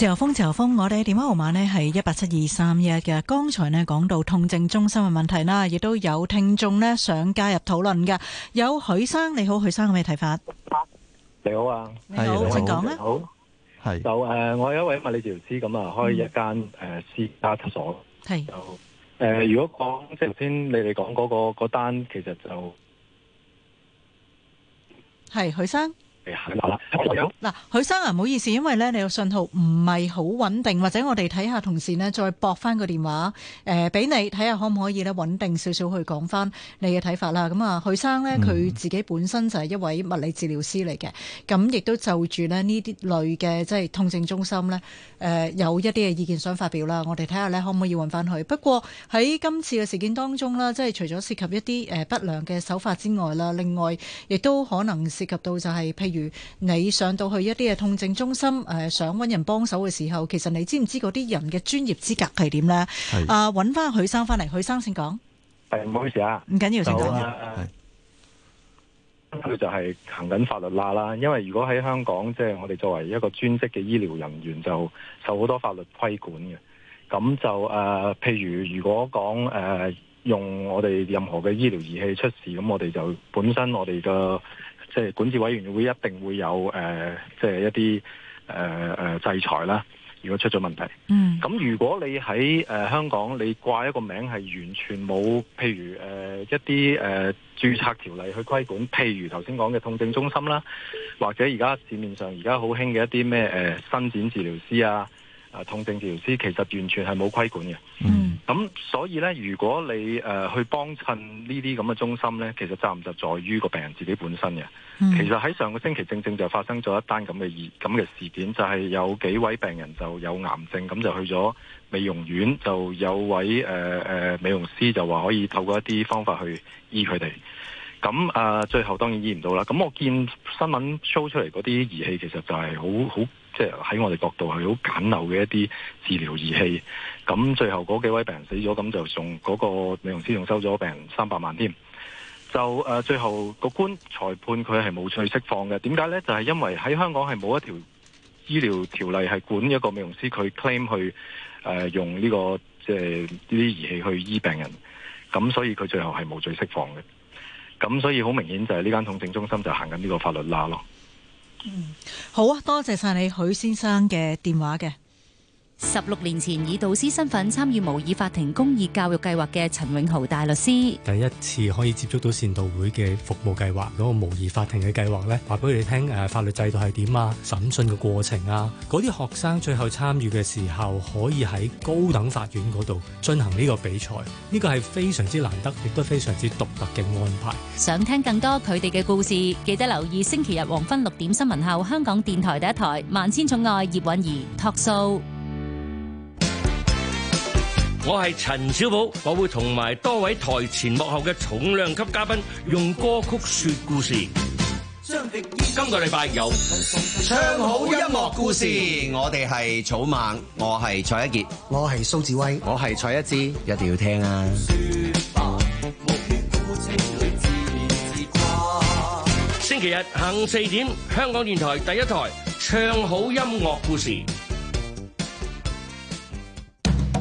自由風，自由風，我哋嘅電話號碼呢係一八七二三一嘅。剛才呢講到痛症中心嘅問題啦，亦都有聽眾呢想加入討論嘅。有許生，你好，許生，有咩睇法？你好啊，你好，請講啊。好，係就誒，我有一位物理治療師，咁啊開一間誒私家診所。係就誒，如果講即係頭先你哋講嗰個嗰單，其實就係許生。嗱，許生啊，唔好意思，因為呢，你個信號唔係好穩定，或者我哋睇下同事呢再駁翻個電話誒，俾你睇下可唔可以呢穩定少少去講翻你嘅睇法啦。咁啊，許生呢，佢、嗯、自己本身就係一位物理治療師嚟嘅，咁亦都就住咧，呢啲類嘅即係痛症中心呢，誒、呃，有一啲嘅意見想發表啦。我哋睇下呢，可唔可以揾翻佢。不過喺今次嘅事件當中啦，即係除咗涉及一啲誒不良嘅手法之外啦，另外亦都可能涉及到就係、譬如你上到去一啲嘅痛症中心，誒、呃、想揾人幫手嘅時候，其實你知唔知嗰啲人嘅專業資格係點咧？啊，揾翻許生翻嚟，許生先講。誒，唔好意思啊，唔緊要，請講。佢就係、啊就是、行緊法律啦啦，因為如果喺香港，即、就、係、是、我哋作為一個專職嘅醫療人員，就受好多法律規管嘅。咁就誒、呃，譬如如果講誒、呃、用我哋任何嘅醫療儀器出事，咁我哋就本身我哋嘅。即係管治委員會一定會有誒、呃，即係一啲誒誒制裁啦。如果出咗問題，咁、mm. 如果你喺誒香港，你掛一個名係完全冇，譬如誒、呃、一啲誒、呃、註冊條例去規管，譬如頭先講嘅痛症中心啦，或者而家市面上而家好興嘅一啲咩誒伸展治療師啊。啊，痛症治療師其實完全係冇規管嘅。嗯，咁所以咧，如果你誒、呃、去幫襯呢啲咁嘅中心咧，其實責任就在於個病人自己本身嘅、嗯。其實喺上個星期正正就發生咗一單咁嘅事，咁嘅事件就係、是、有幾位病人就有癌症，咁就去咗美容院，就有位誒誒、呃呃、美容師就話可以透過一啲方法去醫佢哋。咁啊、呃，最後當然醫唔到啦。咁我見新聞 show 出嚟嗰啲儀器，其實就係好好。即係喺我哋角度係好簡陋嘅一啲治療儀器，咁最後嗰幾位病人死咗，咁就仲嗰、嗰個美容師仲收咗病人三百萬添。就誒、啊，最後個官裁判佢係冇罪釋放嘅。點解呢？就係、係、因為喺香港係冇一條醫療條例係管一個美容師佢 claim 去誒、呃、用呢、呢個即係呢啲儀器去醫病人，咁所以佢最後係冇罪釋放嘅。咁所以好明顯就係呢間痛症中心就行緊呢個法律啦。咯。嗯，好啊，多謝晒你許先生嘅電話嘅。十六年前以導師身份參與模擬法庭公義教育計劃嘅陳永豪大律師，第一次可以接觸到善導會嘅服務計劃嗰個模擬法庭嘅計劃呢，話俾佢哋聽誒法律制度係點啊，審訊嘅過程啊，嗰啲學生最後參與嘅時候可以喺高等法院嗰度進行呢個比賽，呢個係非常之難得，亦都非常之獨特嘅安排。想聽更多佢哋嘅故事，記得留意星期日黃昏六點新聞後，香港電台第一台萬千寵愛葉韻儀托數。我係陳小寶，我會同埋多位台前幕後嘅重量級嘉賓，用歌曲說故事。張迪，今個禮拜有唱好音樂故事，我哋係草蜢，我係蔡一傑，我係蘇志威，我係蔡一智。一定要聽啊！星期日下午四點，香港電台第一台《唱好音樂故事》。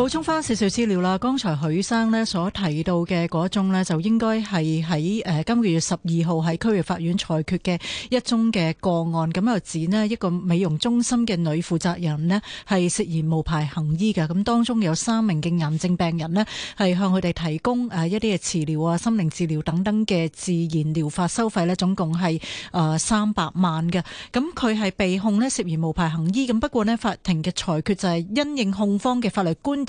補充翻少少資料啦，剛才許生呢所提到嘅嗰一宗呢，就應該係喺誒今個月十二號喺區域法院裁決嘅一宗嘅個案，咁又指呢一個美容中心嘅女負責人呢，係涉嫌無牌行醫嘅，咁當中有三名嘅癌症病人呢，係向佢哋提供誒一啲嘅治療啊、心靈治療等等嘅自然療法收費呢總共係誒三百萬嘅，咁佢係被控呢，涉嫌無牌行醫，咁不過呢，法庭嘅裁決就係因應控方嘅法律觀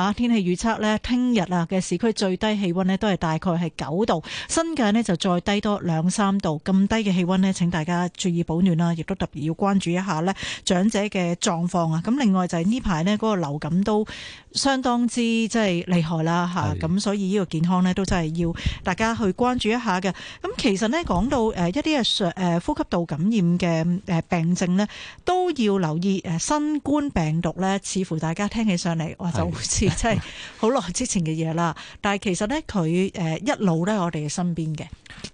天氣預測呢，聽日啊嘅市區最低氣溫呢都係大概係九度，新界呢就再低多兩三度，咁低嘅氣溫呢，請大家注意保暖啦，亦都特別要關注一下呢長者嘅狀況啊。咁另外就係呢排呢嗰個流感都相當之即係厲害啦，吓咁所以呢個健康呢，都真係要大家去關注一下嘅。咁其實呢，講到誒一啲誒上誒呼吸道感染嘅誒病症呢，都要留意誒新冠病毒呢，似乎大家聽起上嚟哇就好似。即係好耐之前嘅嘢啦，但係其實咧佢誒一路咧我哋嘅身邊嘅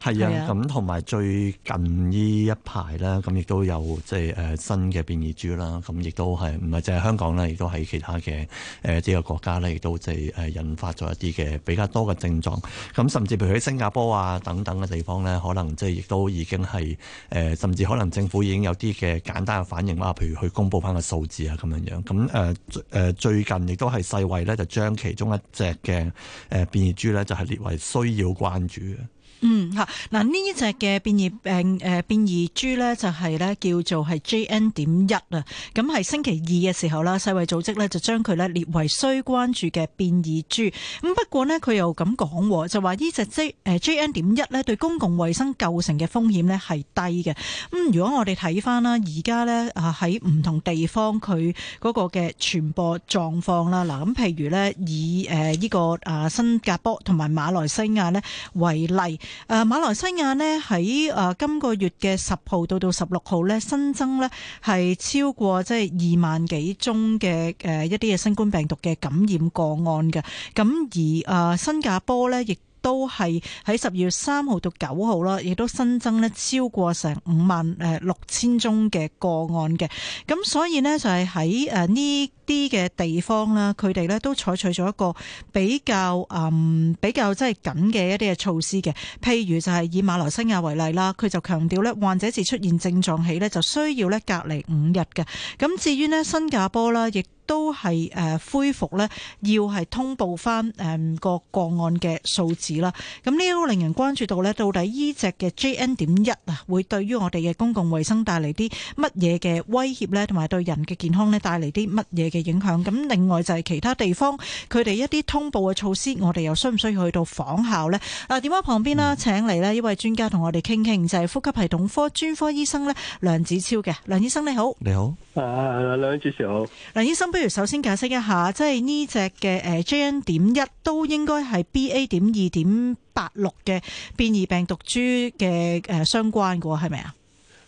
係啊，咁同埋最近呢一排啦，咁亦都有即係誒新嘅變異株啦，咁亦都係唔係淨係香港啦，亦都喺其他嘅誒呢個國家咧，亦都即係誒引發咗一啲嘅比較多嘅症狀。咁甚至譬如喺新加坡啊等等嘅地方咧，可能即係亦都已經係誒甚至可能政府已經有啲嘅簡單嘅反應啦，譬如去公布翻個數字啊咁樣樣。咁誒誒最近亦都係世衛。咧就將其中一隻嘅誒變異株咧，就係列為需要關注嘅。嗯吓，嗱，呢隻嘅變異病誒變異豬咧就係咧叫做係 JN 點一啊，咁係星期二嘅時候啦，世衛組織咧就將佢咧列為需關注嘅變異豬。咁不過呢，佢又咁講，就話呢隻即誒 JN 點一咧對公共衛生構成嘅風險咧係低嘅。咁如果我哋睇翻啦，而家呢啊喺唔同地方佢嗰個嘅傳播狀況啦，嗱，咁譬如呢，以誒呢個啊新加坡同埋馬來西亞呢為例。誒、啊，馬來西亞呢喺誒、啊、今個月嘅十號到到十六號呢新增呢係超過即係二萬幾宗嘅誒、啊、一啲嘅新冠病毒嘅感染個案嘅，咁、啊、而誒、啊、新加坡呢亦都係喺十二月三號到九號啦，亦都新增咧超過成五萬誒六千宗嘅個案嘅。咁所以呢，就係喺誒呢啲嘅地方啦，佢哋呢都採取咗一個比較誒、嗯、比較即係緊嘅一啲嘅措施嘅。譬如就係以馬來西亞為例啦，佢就強調呢，患者自出現症狀起呢，就需要呢隔離五日嘅。咁至於呢，新加坡啦，亦都係誒恢復呢，要係通報返誒個個案嘅數字啦。咁呢都令人關注到呢，到底依隻嘅 JN 點一啊，會對於我哋嘅公共衛生帶嚟啲乜嘢嘅威脅呢？同埋對人嘅健康呢，帶嚟啲乜嘢嘅影響？咁另外就係其他地方佢哋一啲通報嘅措施，我哋又需唔需要去到仿效呢？嗱，電話旁邊啦，請嚟呢一位專家同我哋傾傾，就係呼吸系統科專科醫生呢，梁子超嘅梁醫生，你好。你好，啊梁主持好。梁醫生。不如首先解釋一下，即係呢隻嘅誒 JN. 點一都應該係 BA. 點二點八六嘅變異病毒株嘅誒相關嘅喎，係咪啊？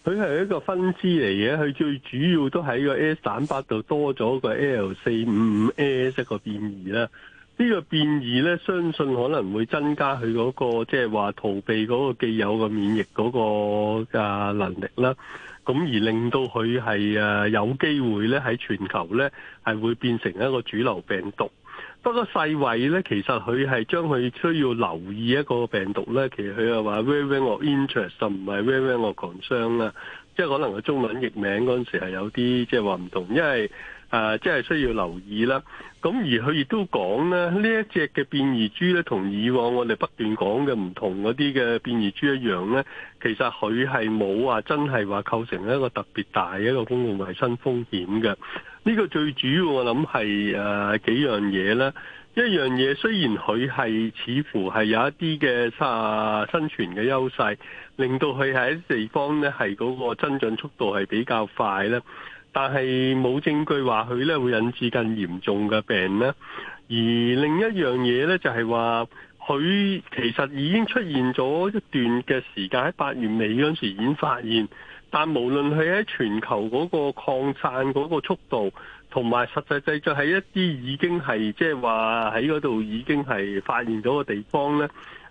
佢係一個分支嚟嘅，佢最主要都喺個 S 蛋白度多咗個 L 四五五 A 一個變異啦。呢個變異咧，相信可能會增加佢嗰、嗰個即係話逃避嗰個既有嘅免疫嗰個能力啦。咁而令到佢係誒有機會咧喺全球咧係會變成一個主流病毒。不過世衛咧其實佢係將佢需要留意一個病毒咧，其實佢係話 variant of interest，唔係 variant of concern 啦。即係可能佢中文譯名嗰時係有啲即係話唔同，因為。誒、呃，即係需要留意啦。咁而佢亦都講呢，呢一隻嘅變異株呢，同以往我哋不斷講嘅唔同嗰啲嘅變異株一樣呢，其實佢係冇話真係話構成一個特別大嘅一個公共衞生風險嘅。呢、呢個最主要我諗係誒幾樣嘢啦。一樣嘢雖然佢係似乎係有一啲嘅、啊、生存嘅優勢，令到佢喺地方呢，係嗰個增長速度係比較快呢。但係冇證據話佢呢會引致更嚴重嘅病呢。而另一樣嘢呢，就係話佢其實已經出現咗一段嘅時間，喺八月尾嗰陣時已經發現，但無論佢喺全球嗰個擴散嗰個速度，同埋實際上就係一啲已經係即係話喺嗰度已經係發現咗嘅地方呢。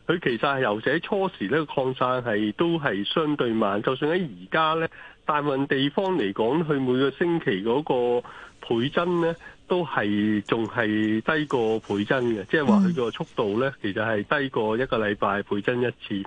佢其實係由者初時咧擴散係都係相對慢，就算喺而家呢，大部分地方嚟講，佢每個星期嗰個倍增呢都係仲係低過倍增嘅，即係話佢個速度呢其實係低過一個禮拜倍增一次。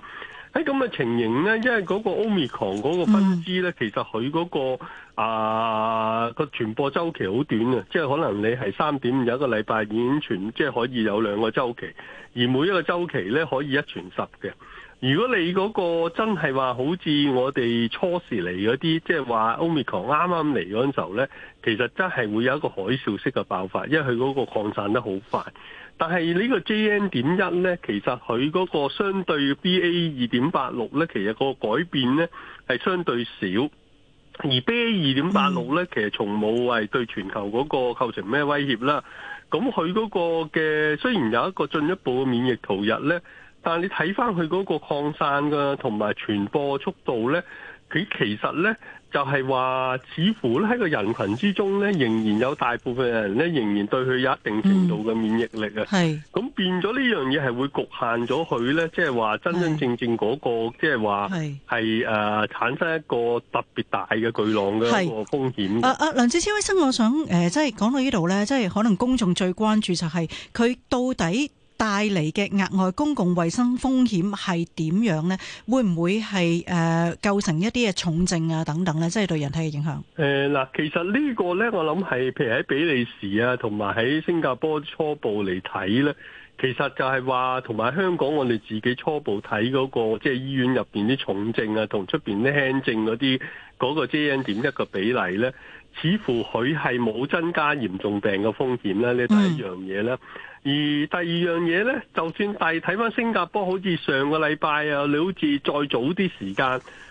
喺咁嘅情形呢，因為嗰個 Omicron 嗰個分支呢，其實佢嗰、那個。啊，個傳播周期好短啊，即係可能你係三點五一個禮拜已經傳，即係可以有兩個周期，而每一個周期咧可以一傳十嘅。如果你嗰個真係話好似我哋初時嚟嗰啲，即係話 Omicron 啱啱嚟嗰陣時候咧，其實真係會有一個海嘯式嘅爆發，因為佢嗰個擴散得好快。但係呢個 JN 點一咧，其實佢嗰個相對 BA 二點八六咧，其實個改變咧係相對少。而 B A 二點八六咧，其實從冇係對全球嗰個構成咩威脅啦。咁佢嗰個嘅雖然有一個進一步嘅免疫逃逸咧，但係你睇翻佢嗰個擴散㗎，同埋傳播速度咧。佢其實咧，就係話，似乎咧喺個人群之中咧，仍然有大部分人咧，仍然對佢有一定程度嘅免疫力啊。係、嗯。咁變咗呢樣嘢係會局限咗佢咧，即係話真真正正嗰、那個，即係話係誒產生一個特別大嘅巨浪嘅一個風險。阿阿、啊啊、梁子超醫生，我想誒，即、呃、係講到呢度咧，即係可能公眾最關注就係佢到底帶嚟嘅額外公共衛生風險係點樣呢？會唔會係誒、呃、構成一啲嘅重症啊等等呢？即、就、係、是、對人體嘅影響。誒、呃、嗱，其實呢個呢，我諗係，譬如喺比利時啊，同埋喺新加坡初步嚟睇呢，其實就係話，同埋香港我哋自己初步睇嗰、那個，即、就、係、是、醫院入邊啲重症啊，同出邊啲輕症嗰啲，嗰、那個 JN.1 嘅比例呢，似乎佢係冇增加嚴重病嘅風險啦。呢第一樣嘢咧。嗯而第二樣嘢呢，就算大係睇翻新加坡，好似上個禮拜啊，你好似再早啲時間，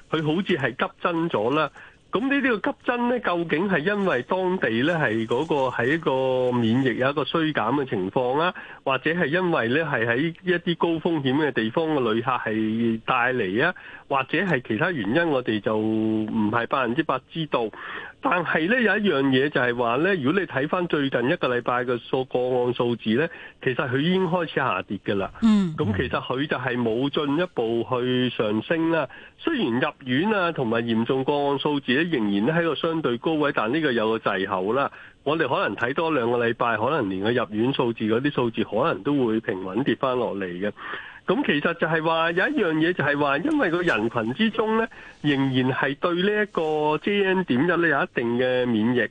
佢好似係急增咗啦。咁呢啲個急增呢，究竟係因為當地呢，係嗰個喺一個免疫有一個衰減嘅情況啊，或者係因為呢，係喺一啲高風險嘅地方嘅旅客係帶嚟啊？或者係其他原因，我哋就唔係百分之百知道。但係呢，有一樣嘢就係話呢，如果你睇翻最近一個禮拜嘅數個案數字呢，其實佢已經開始下跌㗎啦。嗯，咁其實佢就係冇進一步去上升啦。雖然入院啊同埋嚴重個案數字呢，仍然咧喺個相對高位，但呢個有個滯後啦。我哋可能睇多兩個禮拜，可能連個入院數字嗰啲數字，可能都會平穩跌翻落嚟嘅。咁其實就係話有一樣嘢，就係話因為個人群之中呢，仍然係對呢一個 JN 點一呢有一定嘅免疫。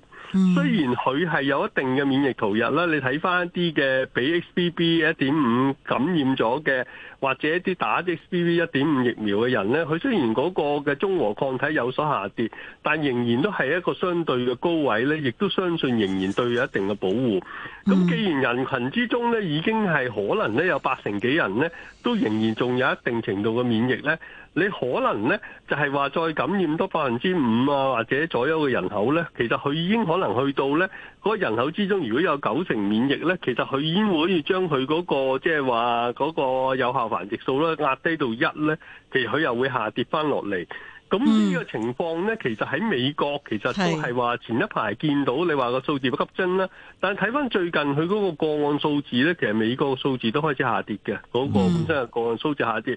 雖然佢係有一定嘅免疫逃逸啦，你睇翻一啲嘅俾 XBB 一點五感染咗嘅，或者一啲打 XBB 一點五疫苗嘅人呢，佢雖然嗰個嘅中和抗體有所下跌，但仍然都係一個相對嘅高位呢，亦都相信仍然對有一定嘅保護。咁既然人群之中呢，已經係可能呢有八成幾人呢。都仍然仲有一定程度嘅免疫呢。你可能呢，就係、是、話再感染多百分之五啊或者左右嘅人口呢，其實佢已經可能去到呢嗰人口之中，如果有九成免疫呢，其實佢已經可以將佢嗰、那個即係話嗰個有效繁殖數呢壓低到一呢，其實佢又會下跌翻落嚟。咁呢個情況呢，嗯、其實喺美國其實都係話前一排見到你話個數字不急增啦，但係睇翻最近佢嗰個個案數字呢，其實美國個數字都開始下跌嘅，嗰、嗯嗰個本身個案數字下跌，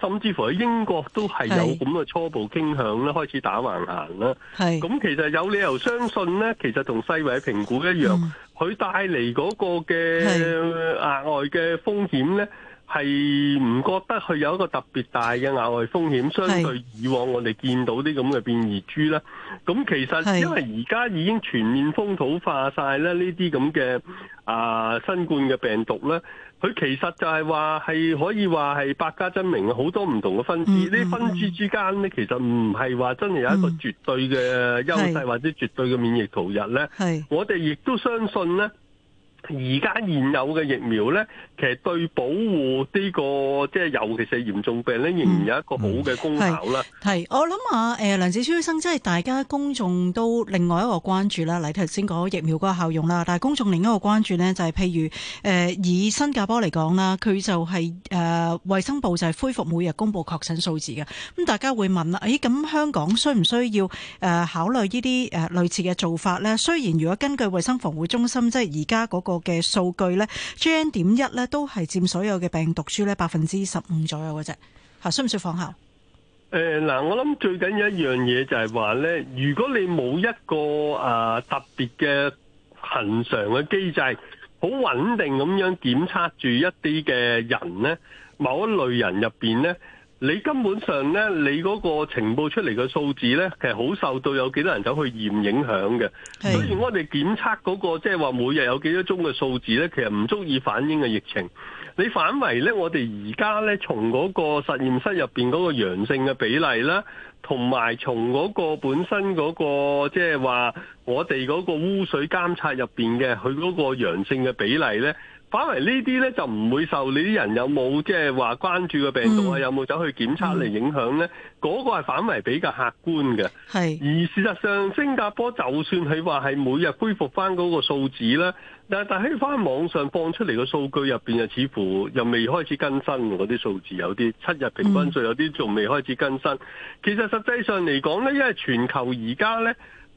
甚至乎喺英國都係有咁嘅初步傾向啦，開始打橫行啦。咁其實有理由相信呢，其實同世衛評估一樣，佢、嗯、帶嚟嗰個嘅額外嘅風險呢。係唔覺得佢有一個特別大嘅額外風險，相對以往我哋見到啲咁嘅變異株咧，咁其實因為而家已經全面風土化晒咧，呢啲咁嘅啊新冠嘅病毒咧，佢其實就係話係可以話係百家爭鳴，好多唔同嘅分支，呢分支之間咧，其實唔係話真係有一個絕對嘅優勢或者絕對嘅免疫逃逸咧。係我哋亦都相信咧，而家現有嘅疫苗咧。其實對保護呢、這個即係，尤其是嚴重病咧，仍然有一個好嘅功效啦。係、嗯嗯，我諗啊，誒、呃、梁子超醫生，即係大家公眾都另外一個關注啦。嚟頭先講疫苗嗰個效用啦，但係公眾另一個關注呢，就係、是、譬如誒、呃、以新加坡嚟講啦，佢就係誒衞生部就係恢復每日公布確診數字嘅。咁大家會問啦，誒、欸、咁香港需唔需要誒、呃、考慮呢啲誒類似嘅做法呢？雖然如果根據衞生防護中心即係而家嗰個嘅數據呢 JN 點一呢。都係佔所有嘅病毒株咧百分之十五左右嘅啫，嚇、啊、需唔需要放行？誒、呃、嗱，我諗最緊要一樣嘢就係話咧，如果你冇一個誒特別嘅恒常嘅機制，好穩定咁樣檢測住一啲嘅人咧，某一類人入邊咧。你根本上咧，你嗰個情報出嚟嘅數字咧，其實好受到有幾多人走去驗影響嘅。所以我哋檢測嗰個即係話每日有幾多宗嘅數字咧，其實唔足以反映嘅疫情。你反為咧，我哋而家咧從嗰個實驗室入邊嗰個陽性嘅比例啦，同埋從嗰個本身嗰個即係話我哋嗰個污水監察入邊嘅佢嗰個陽性嘅比例咧。反為呢啲呢，就唔會受你啲人有冇即係話關注嘅病毒啊，嗯、有冇走去檢測嚟影響呢？嗰、嗯嗰個係反為比較客觀嘅。係而事實上，新加坡就算係話係每日恢復翻嗰個數字呢，但但喺翻網上放出嚟嘅數據入面，又似乎又未開始更新嗰啲數字有，有啲七日平均數有啲仲未開始更新、嗯。其實實際上嚟講呢，因為全球而家呢，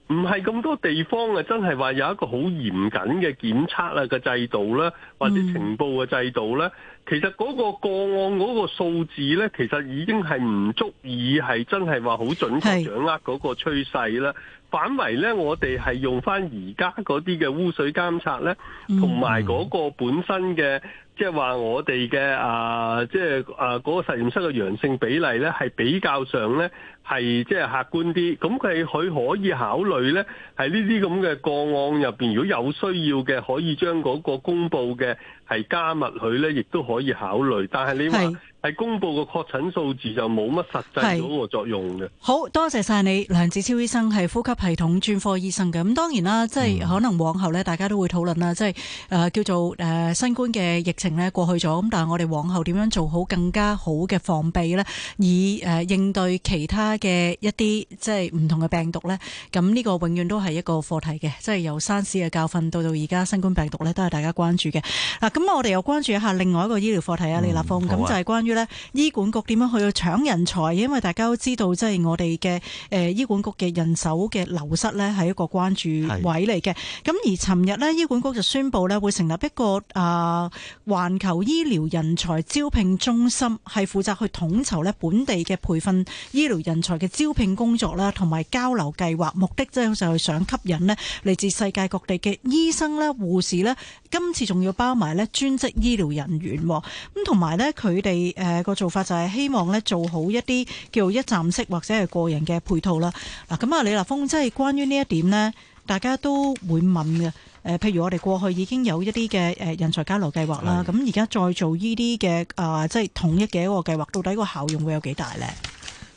唔係咁多地方啊，真係話有一個好嚴謹嘅檢測啊嘅制度啦，或者情報嘅制度咧、嗯，其實嗰個個案嗰個數字咧，其實已經係唔足以係真係話好準確掌握嗰個趨勢啦。反為咧，我哋係用翻而家嗰啲嘅污水監測咧，同埋嗰個本身嘅。即係話我哋嘅啊，即係啊嗰個實驗室嘅陽性比例咧，係比較上咧係即係客觀啲。咁佢佢可以考慮咧，喺呢啲咁嘅個案入邊，如果有需要嘅，可以將嗰個公佈嘅係加密佢咧，亦都可以考慮。但係你話。係公布個確診數字就冇乜實際到個作用嘅。好多謝晒你，梁子超醫生係呼吸系統專科醫生嘅。咁當然啦，即係可能往後咧，大家都會討論啦，即係誒、呃、叫做誒、呃、新冠嘅疫情咧過去咗。咁但係我哋往後點樣做好更加好嘅防備咧，以誒、呃、應對其他嘅一啲即係唔同嘅病毒咧。咁呢個永遠都係一個課題嘅，即係由沙士嘅教訓到到而家新冠病毒咧，都係大家關注嘅。嗱、啊，咁我哋又關注一下另外一個醫療課題、嗯、啊，李立峰咁就係關於。咧醫管局點樣去搶人才？因為大家都知道，即係我哋嘅誒醫管局嘅人手嘅流失呢係一個關注位嚟嘅。咁而尋日呢，醫管局就宣布咧，會成立一個誒環球醫療人才招聘中心，係負責去統籌咧本地嘅培訓醫療人才嘅招聘工作啦，同埋交流計劃。目的即係就係想吸引咧嚟自世界各地嘅醫生咧、護士咧，今次仲要包埋咧專職醫療人員。咁同埋呢，佢哋誒。誒，個做法就係希望咧做好一啲叫一站式或者係個人嘅配套啦。嗱，咁啊李立峰，即係關於呢一點呢，大家都會問嘅。誒，譬如我哋過去已經有一啲嘅誒人才交流計劃啦，咁而家再做呢啲嘅啊，即係統一嘅一個計劃，到底個效用會有幾大呢？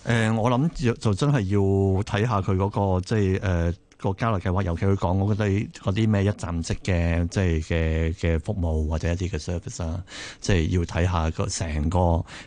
呃，誒，我諗就真係要睇下佢嗰個，即係，呃個交流嘅話，尤其佢講，我覺得嗰啲咩一站式嘅，即係嘅嘅服務或者一啲嘅 service 啊，即係要睇下個成個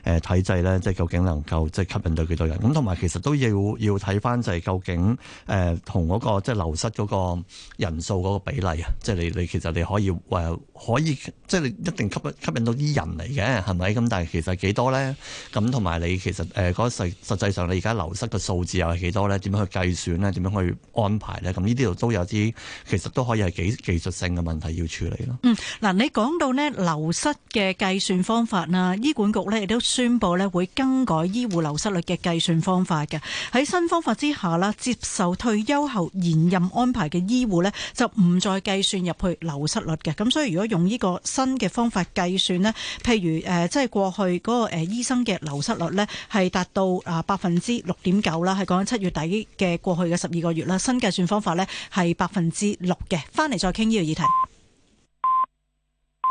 誒體制咧，即係究竟能夠即係吸引到幾多人？咁同埋其實都要要睇返就係究竟誒同嗰個即係流失嗰個人數嗰個比例啊！即係你你其實你可以誒、呃、可以即係你一定吸引吸引到啲人嚟嘅係咪？咁但係其實幾多咧？咁同埋你其實誒嗰、呃、實實際上你而家流失嘅數字又係幾多咧？點樣去計算咧？點樣去安排？咁呢啲度都有啲，其實都可以係幾技術性嘅問題要處理咯。嗯，嗱你講到呢流失嘅計算方法啦，醫管局呢亦都宣布呢會更改醫護流失率嘅計算方法嘅。喺新方法之下接受退休後延任安排嘅醫護呢，就唔再計算入去流失率嘅。咁所以如果用呢個新嘅方法計算呢譬如誒即係過去嗰個誒醫生嘅流失率呢，係達到啊百分之六點九啦，係講緊七月底嘅過去嘅十二個月啦。新計算。方法咧係百分之六嘅，翻嚟再傾呢個議題。